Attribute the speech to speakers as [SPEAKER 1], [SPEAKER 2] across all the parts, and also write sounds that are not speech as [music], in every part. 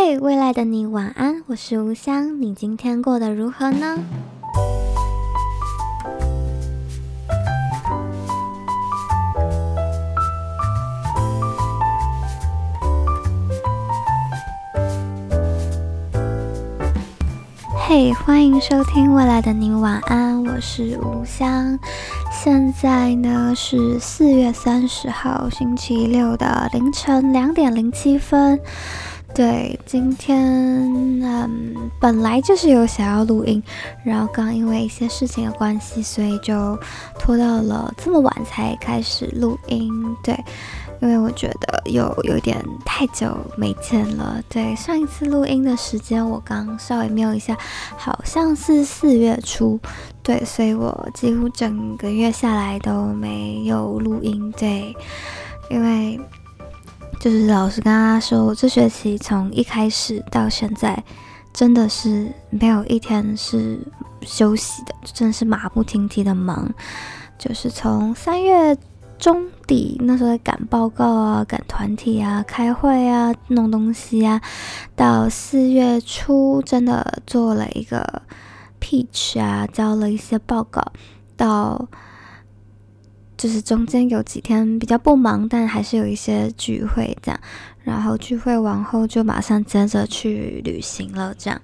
[SPEAKER 1] 嘿，hey, 未來的你晚安，我是吳香，你今天過得如何呢？嘿，hey，歡迎收聽《未來的你晚安》，我是吳香，現在呢是四月三十號星期六的凌晨兩點零七分。對，今天嗯，本來就是有想要錄音，然後剛因為一些事情的關係，所以就拖到了這麼晚才開始錄音。對，因為我覺得又有，有點太久沒見了。對，上一次錄音的時間我剛稍微瞄一下，好像是四月初。對，所以我幾乎整個月下來都沒有錄音。對，因為。就是老實跟他說，我這學期從一開始到現在，真的是沒有一天是休息的，真的是馬不停蹄的忙。就是從三月中底那時候趕報告啊、趕團體啊、開會啊、弄東西啊，到四月初真的做了一個 Peach 啊，交了一些報告，到。就是中間有幾天比較不忙，但還是有一些聚會這樣，然後聚會完後就馬上接着去旅行了這樣。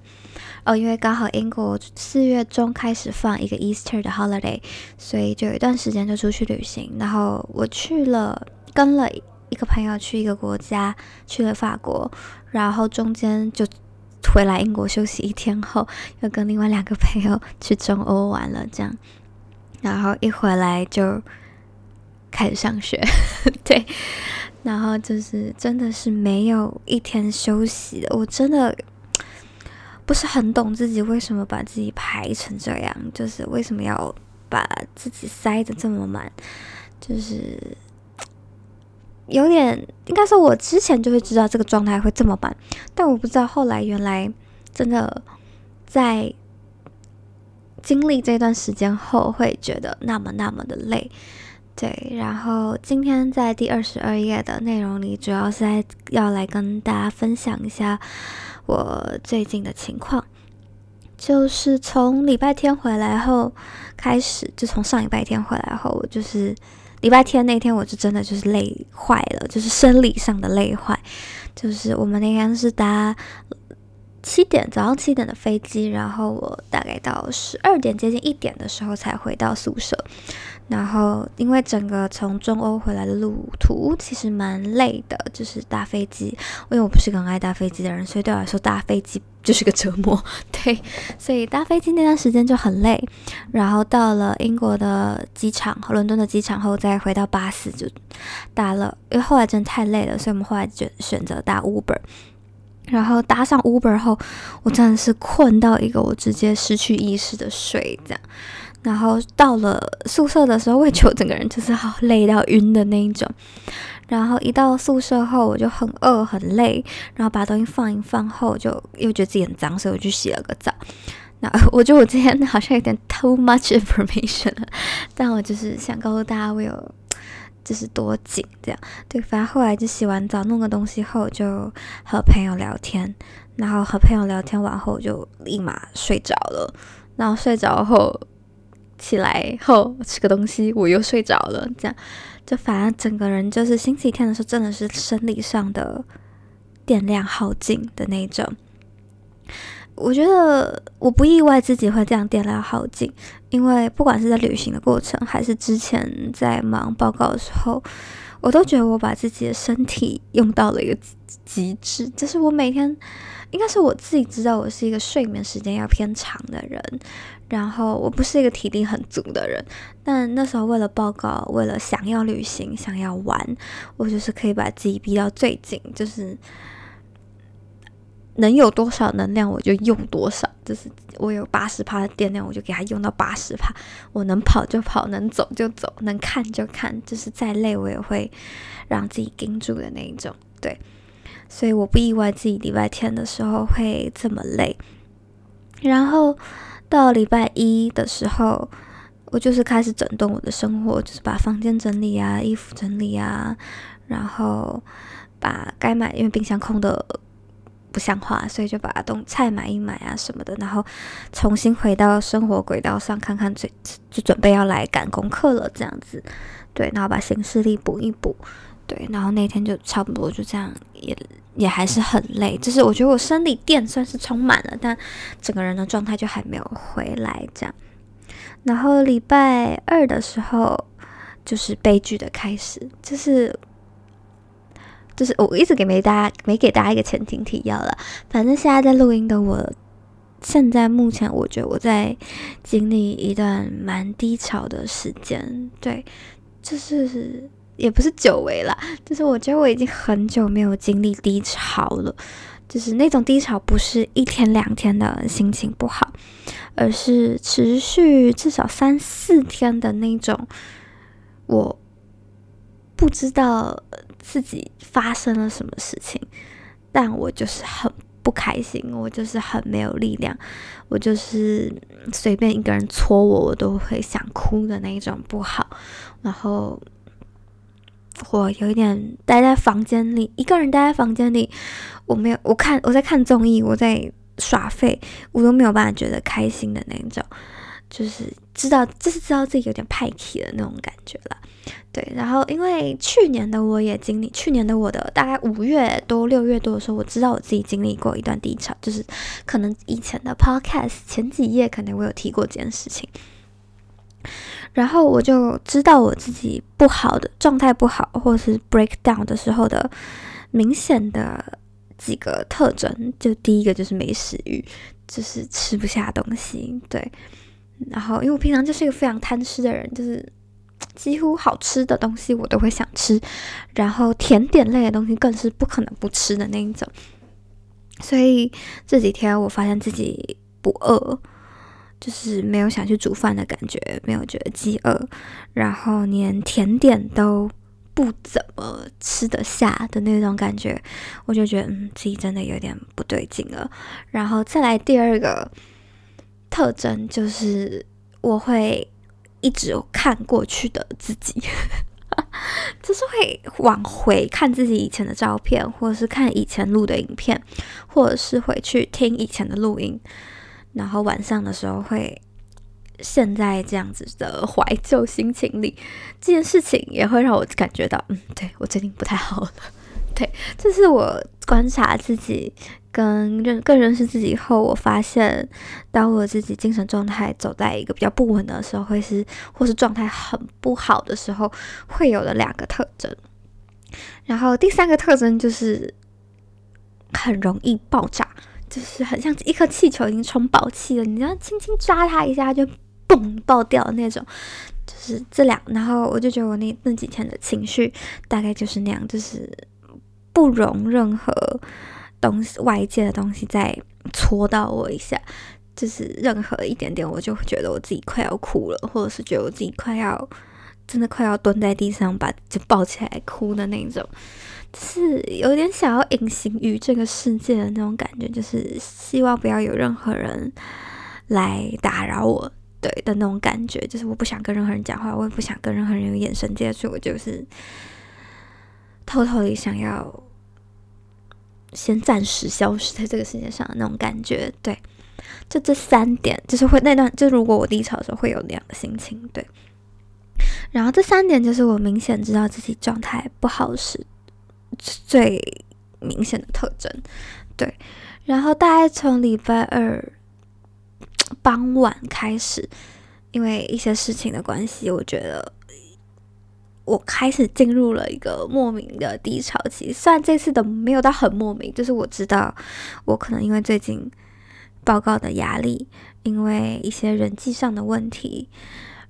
[SPEAKER 1] 哦，因為剛好英國四月中開始放一個 Easter 的 holiday，所以就有一段時間就出去旅行。然後我去了，跟了一個朋友去一個國家，去了法國。然後中間就回來英國休息一天後，又跟另外兩個朋友去中歐玩了這樣。然後一回來就。開始上學，對，然後就是真的是沒有一天休息的。我真的不是很懂自己為什麼把自己排成這樣，就是為什麼要把自己塞得這麼滿，就是有點應該說，我之前就會知道這個狀態會這麼滿，但我不知道後來原來真的在經歷這段時間後會覺得那麼那麼的累。對，然後今天在第二十二夜的內容裡，主要是在要來跟大家分享一下我最近的情況。就是從禮拜天回來後開始，就從上禮拜天回來後，我就是禮拜天那天，我就真的就是累壞了，就是生理上的累壞。就是我們那天是搭七點早上七點的飛機，然後我大概到十二點接近一點的時候才回到宿舍。然後，因為整個從中歐回來的路途其實蠻累的，就是搭飛機。因為我不是很愛搭飛機的人，所以對我來說，搭飛機就是個折磨。對，所以搭飛機那段時間就很累。然後到了英國的機場和倫敦的機場後，再回到巴士就搭了。因為後來真的太累了，所以我們後來就選擇搭 Uber。然後搭上 Uber 後，我真的是困到一個我直接失去意識的睡，這樣。然後到了宿舍的時候，我也覺得我整個人就是好累到暈的那一種。然後一到宿舍後，我就很餓很累。然後把東西放一放後，就又覺得自己很髒，所以我去洗了個澡。那我覺得我今天好像有點 too much information，但我就是想告訴大家我有就是多緊這樣。對，反正後來就洗完澡弄個東西後，就和朋友聊天。然後和朋友聊天完後，我就立馬睡着了。然後睡着後。起來後吃個東西，我又睡着了，這樣就反而整個人就是星期天的時候，真的是生理上的電量耗盡的那種。我覺得我不意外自己會這樣電量耗盡，因為不管是在旅行的過程，還是之前在忙報告的時候，我都覺得我把自己的身體用到了一個極致。就是我每天，應該是我自己知道，我是一個睡眠時間要偏長的人。然後我不是一個體力很足的人，但那時候為了報告，為了想要旅行，想要玩，我就是可以把自己逼到最緊，就是能有多少能量我就用多少。就是我有八十趴的電量，我就給它用到八十趴。我能跑就跑，能走就走，能看就看。就是再累我也會讓自己盯住的那一種。對，所以我不意外自己禮拜天的時候會這麼累。然後。到禮拜一的時候，我就是開始整頓我的生活，就是把房間整理啊，衣服整理啊，然後把該買，因為冰箱空的不像話，所以就把東西買一買啊什麼的，然後重新回到生活軌道上，看看準就準備要來趕功課了這樣子，對，然後把行事曆補一補，對，然後那天就差不多就這樣也。也還是很累，就是我覺得我生理電算是充滿了，但整個人的狀態就還沒有回來這樣。然後禮拜二的時候，就是悲劇的開始，就是就是我一直給沒大家沒給大家一個前情提，提要了，反正現在在錄音的我，現在目前我覺得我在經歷一段蠻低潮的時間，對，就是。也不是久違了，就是我覺得我已經很久沒有經歷低潮了，就是那種低潮不是一天兩天的心情不好，而是持續至少三四天的那種。我不知道自己發生了什麼事情，但我就是很不開心，我就是很沒有力量，我就是隨便一個人戳我，我都會想哭的那種不好，然後。我有一點待在房間裡，一個人待在房間裡，我沒有，我看我在看綜藝，我在耍廢，我都沒有辦法覺得開心的那種，就是知道就是知道自己有點派氣的那種感覺了。對，然後因為去年的我也經歷，去年的我的大概五月多六月多的時候，我知道我自己經歷過一段低潮，就是可能以前的 podcast 前幾頁可能我有提過這件事情。然後我就知道我自己不好的狀態不好，或者是 break down 的時候的明顯的幾個特徵，就第一個就是沒食欲，就是吃不下東西。對，然後因為我平常就是一個非常貪吃的人，就是幾乎好吃的東西我都會想吃，然後甜點類的東西更是不可能不吃的那一種。所以這幾天我發現自己不餓。就是沒有想去煮飯的感覺，沒有覺得飢餓，然後連甜點都不怎麼吃得下的那種感覺，我就覺得嗯，自己真的有點不對勁了。然後再來第二個特徵，就是我會一直看過去的自己， [laughs] 就是會往回看自己以前的照片，或者是看以前錄的影片，或者是回去聽以前的錄音。然後晚上的時候會陷在這樣子的懷舊心情裡，這件事情也會讓我感覺到，嗯，對我最近不太好了。對，這是我觀察自己跟認更認識自己以後，我發現當我自己精神狀態走在一個比較不穩的時候，會是或是狀態很不好的時候，會有的兩個特徵。然後第三個特徵就是很容易爆炸。就是很像一顆氣球已經充飽氣了，你要輕輕扎它一下就嘣爆掉的那種。就是這兩，然後我就覺得我那那幾天的情緒大概就是那樣，就是不容任何東西、外界的東西再戳到我一下，就是任何一點點，我就覺得我自己快要哭了，或者是覺得我自己快要真的快要蹲在地上把就抱起來哭的那種。是有點想要隱形於這個世界的那種感覺，就是希望不要有任何人來打擾我，對的那種感覺，就是我不想跟任何人講話，我也不想跟任何人有眼神接觸，我就是偷偷的想要先暫時消失在這個世界上的那種感覺，對，就這三點，就是會那段，就如果我低潮的時候會有那樣的心情，對，然後這三點就是我明顯知道自己狀態不好時最明顯的特徵，對，然後大概從禮拜二傍晚開始，因為一些事情的關係，我覺得我開始進入了一個莫名的低潮期。雖然這次的沒有到很莫名，就是我知道我可能因為最近報告的壓力，因為一些人際上的問題，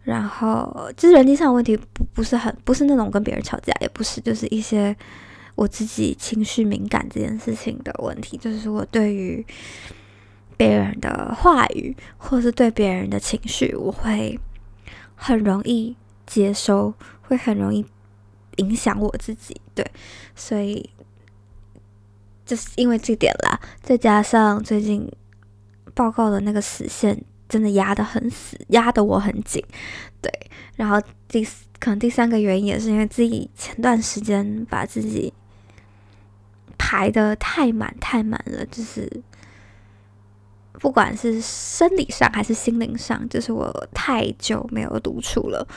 [SPEAKER 1] 然後就是人際上的問題不不是很，不是那種跟別人吵架，也不是就是一些。我自己情緒敏感這件事情的問題，就是我對於別人的話語，或是對別人的情緒，我會很容易接收，會很容易影響我自己。對，所以就是因為這點啦。再加上最近報告的那個時限真的壓得很死，壓得我很緊。對，然後第可能第三個原因也是因為自己前段時間把自己。排的太滿太滿了，就是不管是生理上還是心靈上，就是我太久沒有獨處了，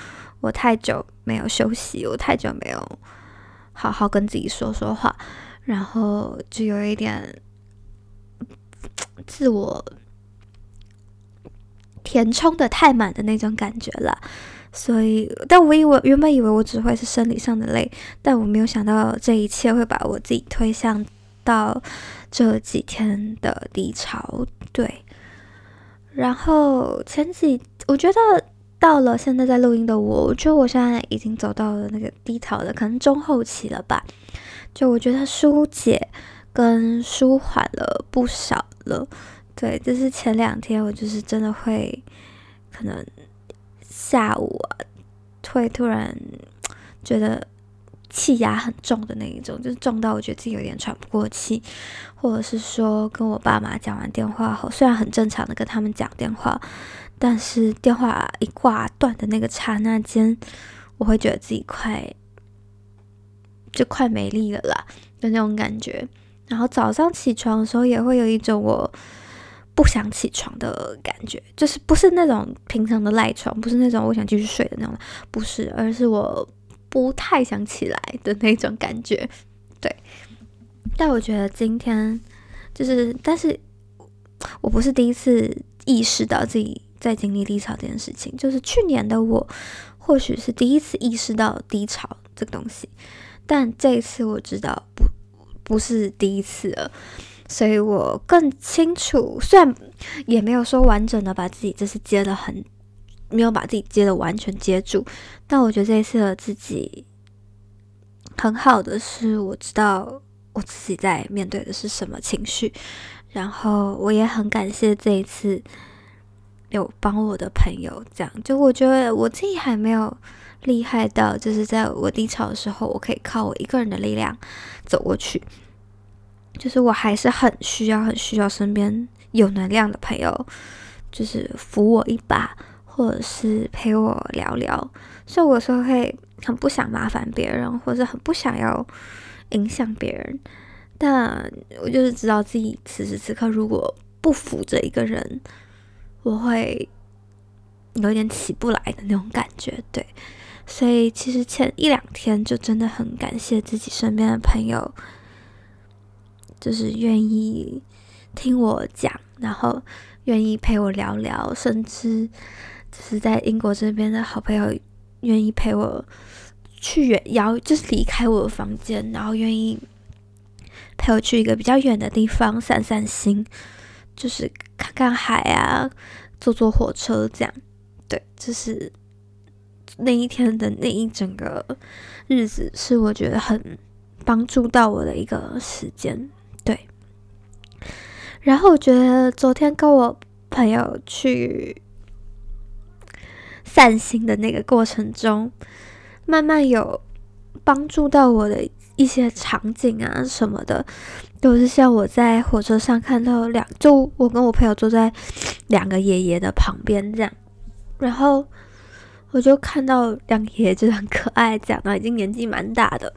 [SPEAKER 1] 我太久沒有休息，我太久沒有好好跟自己說說話，然後就有一點自我填充的太滿的那種感覺了。所以，但我以為原本以為我只會是生理上的累，但我沒有想到這一切會把我自己推向到這幾天的低潮。對，然後前幾，我覺得到了現在在錄音的我，我覺得我現在已經走到了那個低潮了，可能中後期了吧。就我覺得疏解跟舒緩了不少了。對，就是前兩天我就是真的會可能。下午會突然覺得氣壓很重的那一種，就是重到我覺得自己有點喘不過氣，或者是說跟我爸媽講完電話後，雖然很正常的跟他們講電話，但是電話一掛斷的那個剎那間，我會覺得自己快就快沒力了啦，就那種感覺。然後早上起床的時候也會有一種我。不想起床的感覺，就是不是那種平常的賴床，不是那種我想繼續睡的那種，不是，而是我不太想起來的那種感覺。對，但我覺得今天就是，但是我不是第一次意識到自己在經歷低潮的這件事情。就是去年的我，或許是第一次意識到低潮這個東西，但這一次我知道不，不是第一次了。所以我更清楚，雖然也沒有說完整的把自己這次接得很，沒有把自己接得完全接住，但我覺得這一次的自己很好的是，我知道我自己在面對的是什麼情緒，然後我也很感謝這一次有幫我的朋友。這樣就我覺得我自己還沒有厲害到，就是在我低潮的時候，我可以靠我一個人的力量走過去。就是我還是很需要、很需要身邊有能量的朋友，就是扶我一把，或者是陪我聊聊。所以有時候會很不想麻煩別人，或者是很不想要影響別人。但我就是知道自己此時此刻如果不扶着一個人，我會有點起不來的那種感覺。對，所以其實前一兩天就真的很感謝自己身邊的朋友。就是願意聽我講，然後願意陪我聊聊，甚至就是在英國這邊的好朋友願意陪我去遠，要就是離開我的房間，然後願意陪我去一個比較遠的地方散散心，就是看看海啊，坐坐火車這樣。對，就是那一天的那一整個日子，是我覺得很幫助到我的一個時間。然後我覺得昨天跟我朋友去散心的那個過程中，慢慢有幫助到我的一些場景啊什麼的，都是像我在火車上看到兩，就我跟我朋友坐在兩個爺爺的旁邊這樣，然後我就看到兩個爺爺就很可愛，講到已經年紀蠻大的，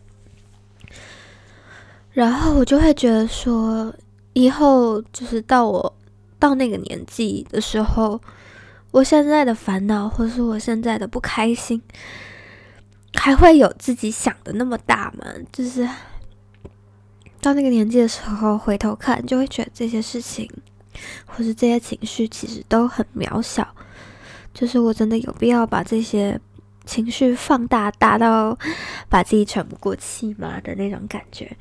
[SPEAKER 1] 然後我就會覺得說。以後就是到我到那個年紀的時候，我現在的煩惱，或是我現在的不開心，還會有自己想的那麼大嗎？就是到那個年紀的時候，回頭看，就會覺得這些事情，或是這些情緒，其實都很渺小。就是我真的有必要把這些情緒放大，大到把自己喘不過氣嗎的那種感覺，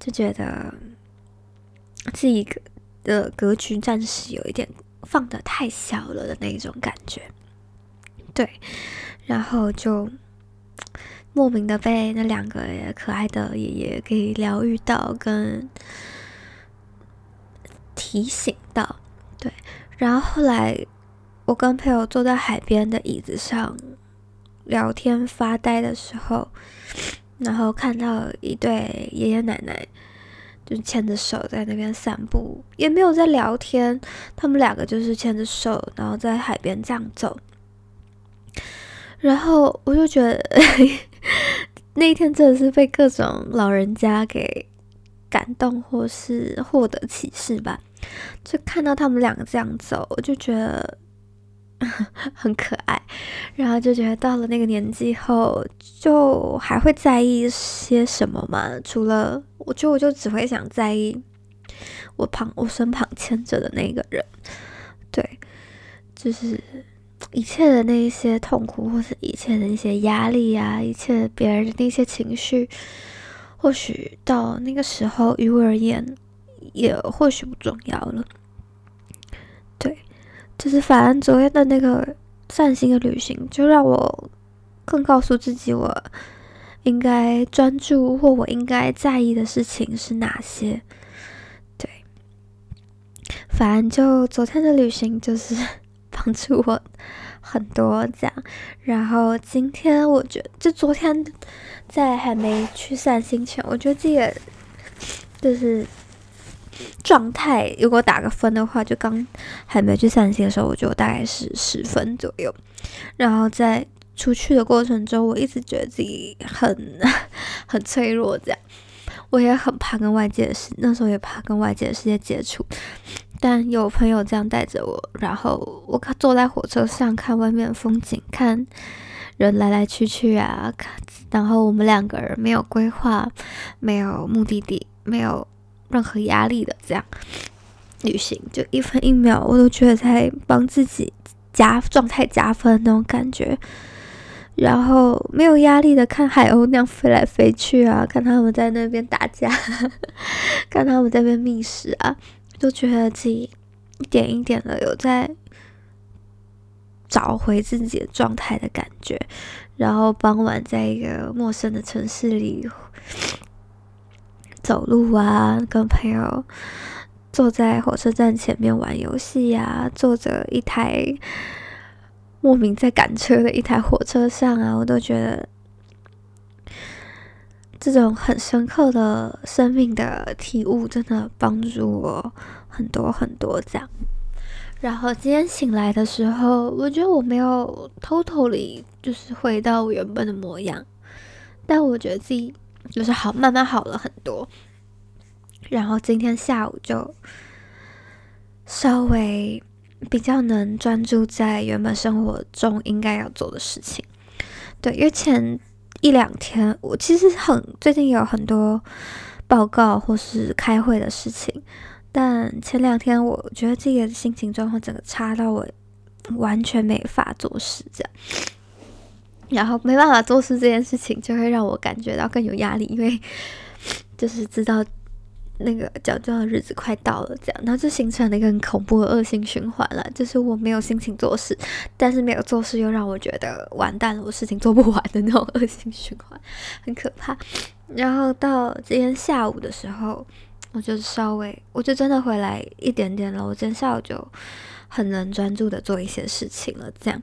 [SPEAKER 1] 就覺得。自己的格局暫時有一點放的太小了的那種感覺，對，然後就莫名的被那兩個也可愛的爺爺給療癒到，跟提醒到，對，然後後來我跟朋友坐在海邊的椅子上聊天發呆的時候，然後看到一對爺爺奶奶。就牽着手在那邊散步，也沒有在聊天。他們兩個就是牽着手，然後在海邊這樣走。然後我就覺得 [laughs] 那一天真的是被各種老人家給感動，或是獲得啟示吧。就看到他們兩個這樣走，我就覺得。 [laughs] 很可愛，然後就覺得到了那個年紀後，就還會在意些什麼嘛？除了我就我就只會想在意我旁我身旁牽着的那個人，對，就是一切的那一些痛苦或是一切的那些壓力呀、啊，一切別人的那些情緒，或許到那個時候於我而言也或許不重要了，對。就是反正昨天的那個散心的旅行，就讓我更告訴自己，我應該專注或我應該在意的事情是哪些。對，反正就昨天的旅行就是幫助我很多這樣。然後今天我覺得，就昨天在還沒去散心前，我覺得這個就是。狀態如果打個分的話，就剛還沒去散心的時候，我就大概是十分左右。然後在出去的過程中，我一直覺得自己很很脆弱，這樣我也很怕跟外界的事，那時候也怕跟外界的世界接觸。但有朋友這樣帶着我，然後我坐在火車上看外面的風景，看人來來去去啊，看然後我們兩個人沒有規劃，沒有目的地，沒有。任何壓力的這樣旅行，就一分一秒我都覺得在幫自己加狀態加分那種感覺，然後沒有壓力的看海鷗那樣飛來飛去啊，看他們在那邊打架，呵呵，看他們在那邊覓食啊，都覺得自己一點一點的有在找回自己的狀態的感覺，然後傍晚在一個陌生的城市裡。走路啊，跟朋友坐在火車站前面玩遊戲呀、啊，坐着一台莫名在趕車的一台火車上啊，我都覺得這種很深刻的生命的體悟，真的幫助我很多很多。這樣，然後今天醒來的時候，我覺得我沒有偷偷裡就是回到我原本的模樣，但我覺得自己。就是好，慢慢好了很多。然後今天下午就稍微比較能專注在原本生活中應該要做的事情。對，因為前一兩天我其實很最近有很多報告或是開會的事情，但前兩天我覺得自己的心情狀況整個差到我完全沒法做事，這樣。然後沒辦法做事這件事情，就會讓我感覺到更有壓力，因為就是知道那個交卷的日子快到了，這樣，然後就形成了一個很恐怖的惡性循環了。就是我沒有心情做事，但是沒有做事又讓我覺得完蛋了，我事情做不完的那種惡性循環，很可怕。然後到今天下午的時候，我就稍微，我就真的回來一點點了。我今天下午就很能專注的做一些事情了，這樣。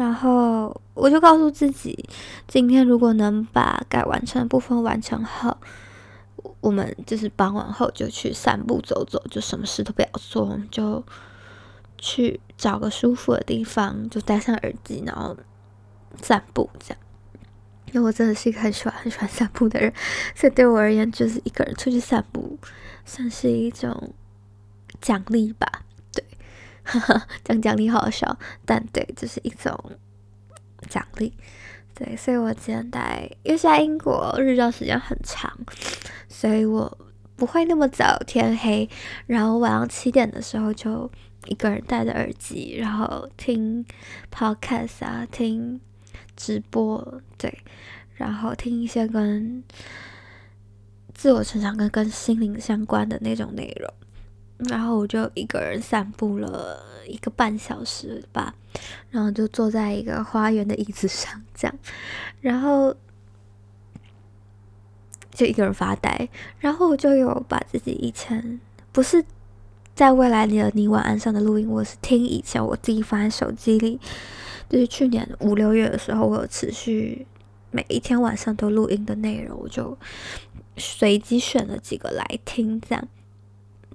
[SPEAKER 1] 然後我就告訴自己，今天如果能把該完成的部分完成後，我們就是忙完後就去散步走走，就什麼事都不要做，我們就去找個舒服的地方，就戴上耳機，然後散步這樣。因為我真的是一個很喜歡很喜歡散步的人，所以對我而言，就是一個人出去散步算是一種獎勵吧。哈哈， [laughs] 這樣獎勵好，好笑，但對，這、就是一種獎勵。對，所以我今天帶，因為現在英國，日照時間很長，所以我不會那麼早天黑。然後晚上七點的時候，就一個人戴着耳機，然後聽 podcast 啊，聽直播，對，然後聽一些跟自我成長跟跟心靈相關的那種內容。然後我就一個人散步了一個半小時吧，然後就坐在一個花園的椅子上，這樣，然後就一個人發呆。然後我就有把自己以前不是在未來的你晚安上的錄音，我是聽以前我自己放在手機裡，就是去年五六月的時候，我有持續每一天晚上都錄音的內容，我就隨機選了幾個來聽，這樣。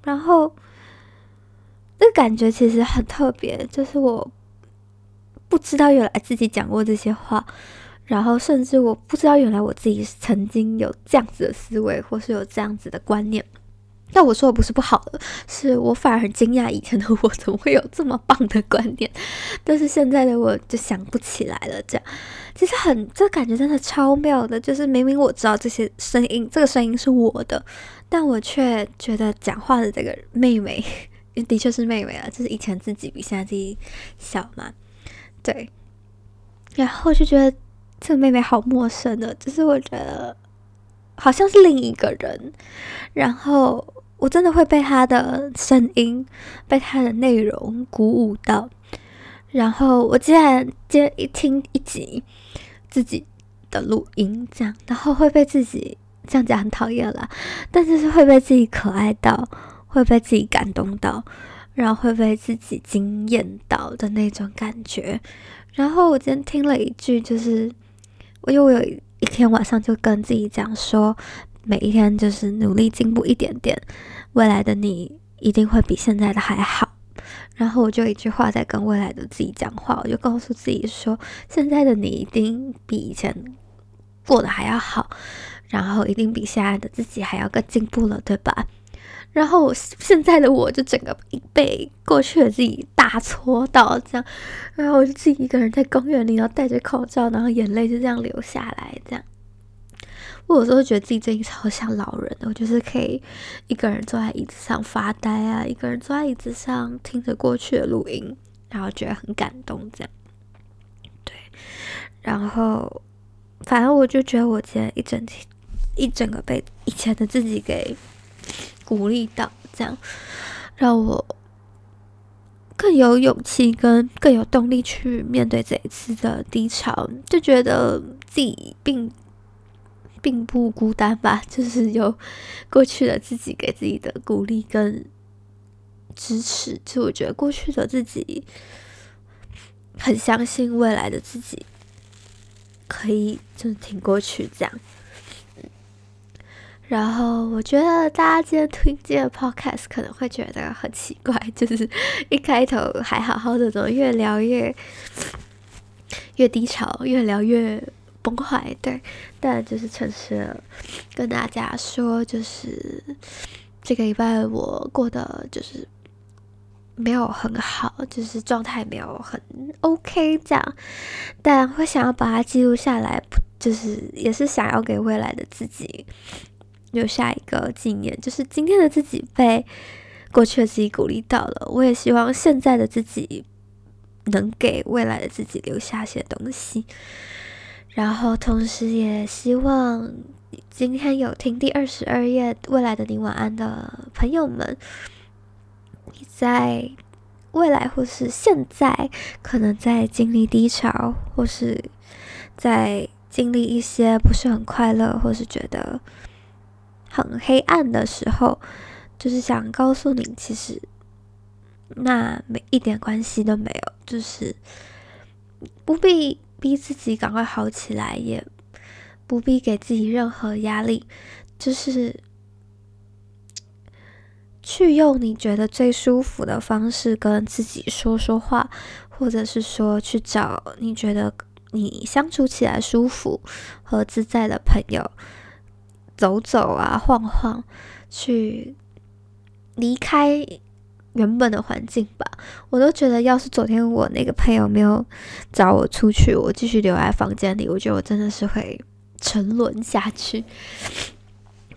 [SPEAKER 1] 然後，那個、感覺其實很特別，就是我不知道原來自己講過這些話，然後甚至我不知道原來我自己曾經有這樣子的思維，或是有這樣子的觀念。但我說的不是不好的，是我反而驚訝以前的我怎麼會有這麼棒的觀點？但是現在的我就想不起來了。這樣其實很，這感覺真的超妙的。就是明明我知道這些聲音，這個聲音是我的，但我卻覺得講話的這個妹妹，也的確是妹妹啊，就是以前自己比現在自己小嘛，對。然後就覺得這個妹妹好陌生的，就是我覺得好像是另一個人，然後。我真的會被他的聲音、被他的內容鼓舞到，然後我竟然今天一聽一集自己的錄音，這樣，然後會被自己這樣講很討厭啦，但就是會被自己可愛到，會被自己感動到，然後會被自己驚豔到的那種感覺。然後我今天聽了一句，就是我因為我有一天晚上就跟自己講說。每一天就是努力進步一點點，未來的你一定會比現在的還好。然後我就一句話在跟未來的自己講話，我就告訴自己說，現在的你一定比以前過得還要好，然後一定比現在的自己還要更進步了，對吧？然後我現在的我就整個被過去的自己大戳到這樣，然後我就自己一個人在公園裡，然後戴着口罩，然後眼淚就這樣流下來，這樣。我有時候覺得自己真的超像老人的，我就是可以一個人坐在椅子上發呆啊，一個人坐在椅子上聽着過去的錄音，然後覺得很感動，這樣對。然後，反正我就覺得，我今天一整天，一整個被以前的自己給鼓勵到，這樣讓我更有勇氣，跟更有動力去面對這一次的低潮，就覺得自己並並不孤單吧，就是有過去的自己給自己的鼓勵跟支持。就我覺得過去的自己很相信未來的自己可以就是挺過去這樣。然後我覺得大家今天推薦的 podcast 可能會覺得很奇怪，就是一開頭還好好的，怎麼越聊越越低潮，越聊越。崩壞，對，但就是誠實跟大家說，就是這個禮拜我過得就是沒有很好，就是狀態沒有很 OK 這樣，但會想要把它記錄下來，就是也是想要給未來的自己留下一個紀念，就是今天的自己被過去的自己鼓勵到了，我也希望現在的自己能給未來的自己留下些東西。然後，同時也希望今天有聽第二十二夜《未來的你晚安》的朋友們，你在未來或是現在，可能在經歷低潮，或是，在經歷一些不是很快樂，或是覺得很黑暗的時候，就是想告訴你，其實那沒一點關係都沒有，就是不必。逼自己趕快好起來，也不必給自己任何壓力，就是去用你覺得最舒服的方式跟自己說說話，或者是說去找你覺得你相處起來舒服和自在的朋友，走走啊，晃晃，去離開。原本的環境吧，我都覺得，要是昨天我那個朋友沒有找我出去，我繼續留在房間裡，我覺得我真的是會沉淪下去。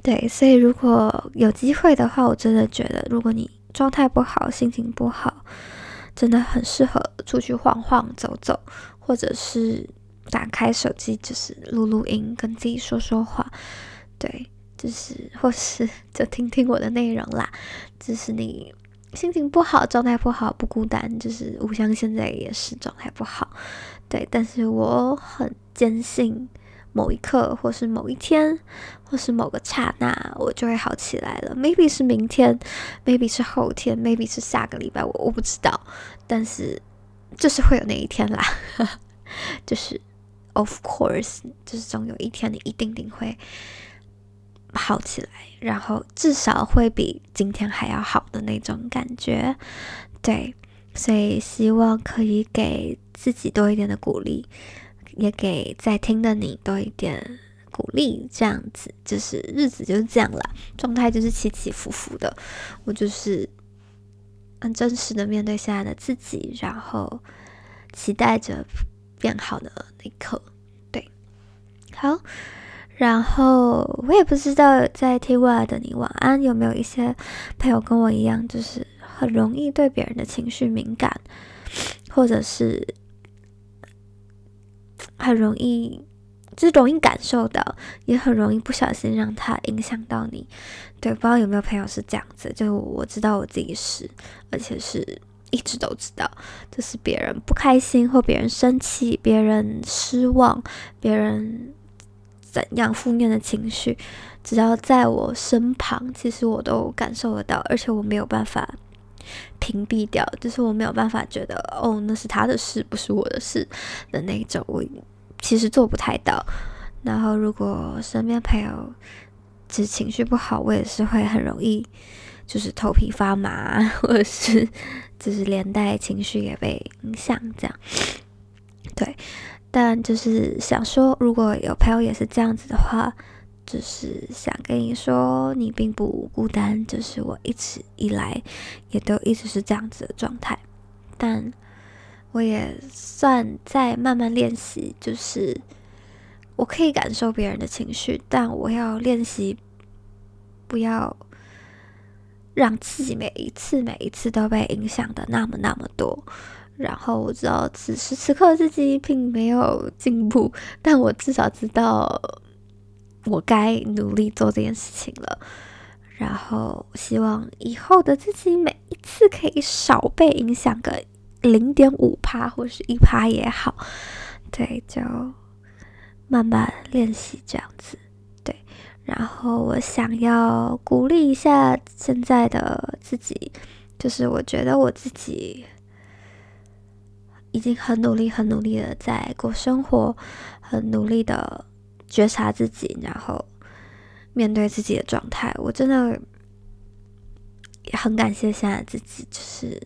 [SPEAKER 1] 對，所以如果有機會的話，我真的覺得，如果你狀態不好、心情不好，真的很適合出去晃晃、走走，或者是打開手機，就是錄錄音，跟自己說說話。對，就是，或是就聽聽我的內容啦，就是你。心情不好，狀態不好，不孤單，就是五香現在也是狀態不好，對。但是我很堅信，某一刻，或是某一天，或是某個剎那，我就會好起來了。Maybe 是明天，Maybe 是後天，Maybe 是下個禮拜，我我不知道，但是就是會有那一天啦。呵呵就是 Of course，就是總有一天，你一定一定會。好起來，然後至少會比今天還要好的那種感覺，對，所以希望可以給自己多一點的鼓勵，也給在聽的你多一點鼓勵，這樣子，就是日子就是這樣了，狀態就是起起伏伏的，我就是很真實的面對現在的自己，然後期待着變好的那一刻，對，好。然後我也不知道，在 T V 的你晚安，有沒有一些朋友跟我一樣，就是很容易對別人的情緒敏感，或者是很容易就是容易感受到，也很容易不小心讓他影響到你。對，不知道有沒有朋友是這樣子？就我知道我自己是，而且是一直都知道，就是別人不開心或別人生氣、別人失望、別人，怎樣負面的情緒，只要在我身旁，其實我都感受得到，而且我沒有辦法屏蔽掉，就是我沒有辦法覺得哦，那是他的事，不是我的事的那種。我其實做不太到。然後如果身邊朋友其實情緒不好，我也是會很容易，就是頭皮發麻，或者是就是連帶情緒也被影響，這樣對。但就是想說，如果有朋友也是這樣子的話，就是想跟你說，你並不孤單。就是我一直以來，也都一直是這樣子的狀態。但我也算在慢慢練習，就是我可以感受別人的情緒，但我要練習，不要讓自己每一次、每一次都被影響的那麼那麼多。然後我知道此時此刻自己並沒有進步，但我至少知道我該努力做這件事情了。然後希望以後的自己每一次可以少被影響個零點五趴或是一趴也好，對，就慢慢練習這樣子。對，然後我想要鼓勵一下現在的自己，就是我覺得我自己。已經很努力、很努力的在過生活，很努力的覺察自己，然後面對自己的狀態。我真的也很感謝現在的自己，就是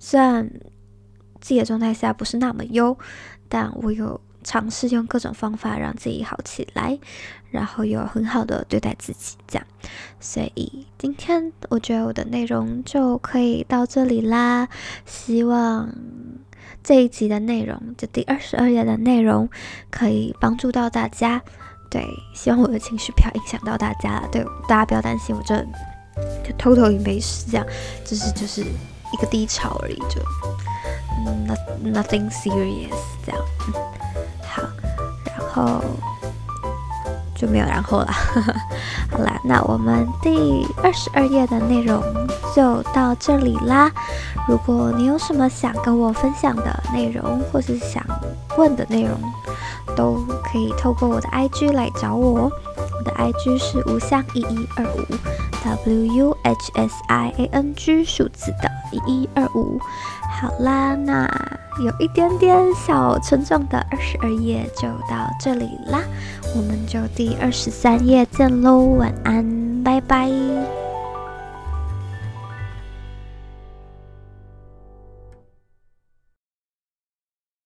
[SPEAKER 1] 雖然自己的狀態下不是那麼優，但我有嘗試用各種方法讓自己好起來。然後有很好的對待自己，這樣，所以今天我覺得我的內容就可以到這裡啦。希望這一集的內容，這第二十二夜的內容，可以幫助到大家。對，希望我的情緒不要影響到大家。對，大家不要擔心，我就 totally 沒事這樣，就是就是一個低潮而已，就 not，嗯，nothing serious 這樣。嗯，好，然後。就沒有然後了。 [laughs] 好了，那我們第二十二夜的內容就到這裡啦。如果你有什麼想跟我分享的內容，或是想問的內容，都可以透過我的 IG 來找我。我的 IG 是無相一一二五 W U H S I A N G 數字的一一二五。好啦，那有一點點小沉重的二十二夜就到這裡啦。我們就第二十三夜見嘍，晚安，拜拜。